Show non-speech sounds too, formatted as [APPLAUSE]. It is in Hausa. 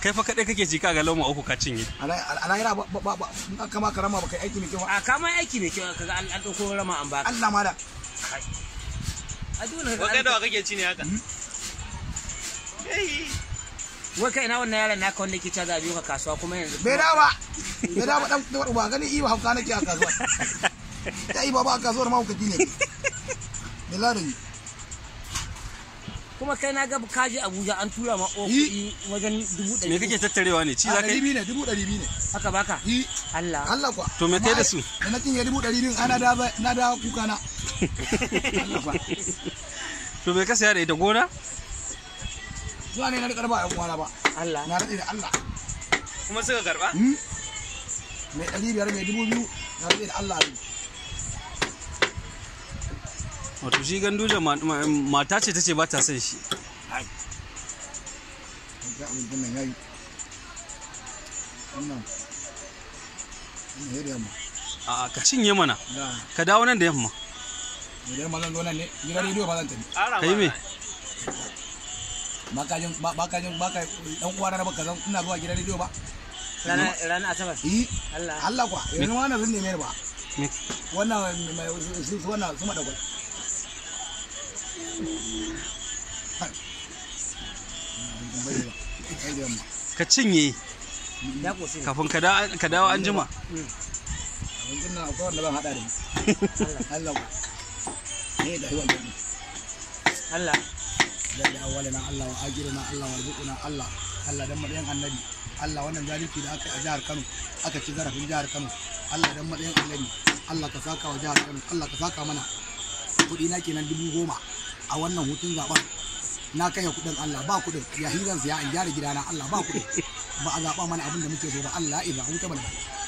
kai fa kadai kake ka ga lauma uku ka cinye a lahira ba ba ba kama karama ba kai aiki mai kyau a kama aiki mai kyau kaga an dauko rama an baka Allah ma da a dole ka kai da kake ci ne haka hmm? wai kai na wannan yaron naka wanda ke ta zabi ka kasuwa kuma yanzu bai da ba bai da ba dan ba gani iwa hauka nake a kasuwa dai [LAUGHS] iba ba a kasuwar ma hukati ne [LAUGHS] billahi kuma kai na gaba kaji Abuja an tura ma kuɗi wajen dubu ɗari. Me kake tattarewa ne? Ci za ka yi? ne, dubu ɗari ne. Haka baka? Allah. Allah kwa. To me kai da su? Da na cinye dubu ɗari biyu ana da na da kuka na. [LAUGHS] To me ka saya da ita gona? Zuwa ne na riƙar ba kuma na ba. Allah. Na raɗe da Allah. Kuma suka karba me hmm? ɗari biyar me dubu biyu na raɗe da Allah. wato shi ganduja mata ce ta ce ba ta son shi a ka cinye mana ka dawo nan da yamma ka yi me bakajin bakajin baka dan uwa na baka zan ina zuwa gidan rediyo ba ranar ranar asabar eh Allah Allah kwa yanzu wannan zan neme ba wannan mai su wannan su madakwai ka cinye kafin ka dawo an jima Allah da wannan zalunci da aka a jihar Kano aka ci zarafin jihar Kano Allah dan madayan annabi Allah ka saka wa jihar Kano Allah ka saka mana kuɗi na kenan dubu goma a wannan hutun zaben na kashe kuɗin Allah ba kuɗin ya hiran in gyara gidana Allah ba kuɗin ba a zaɓa mana abin da muke so ba Allah ya zaɓa wuta ba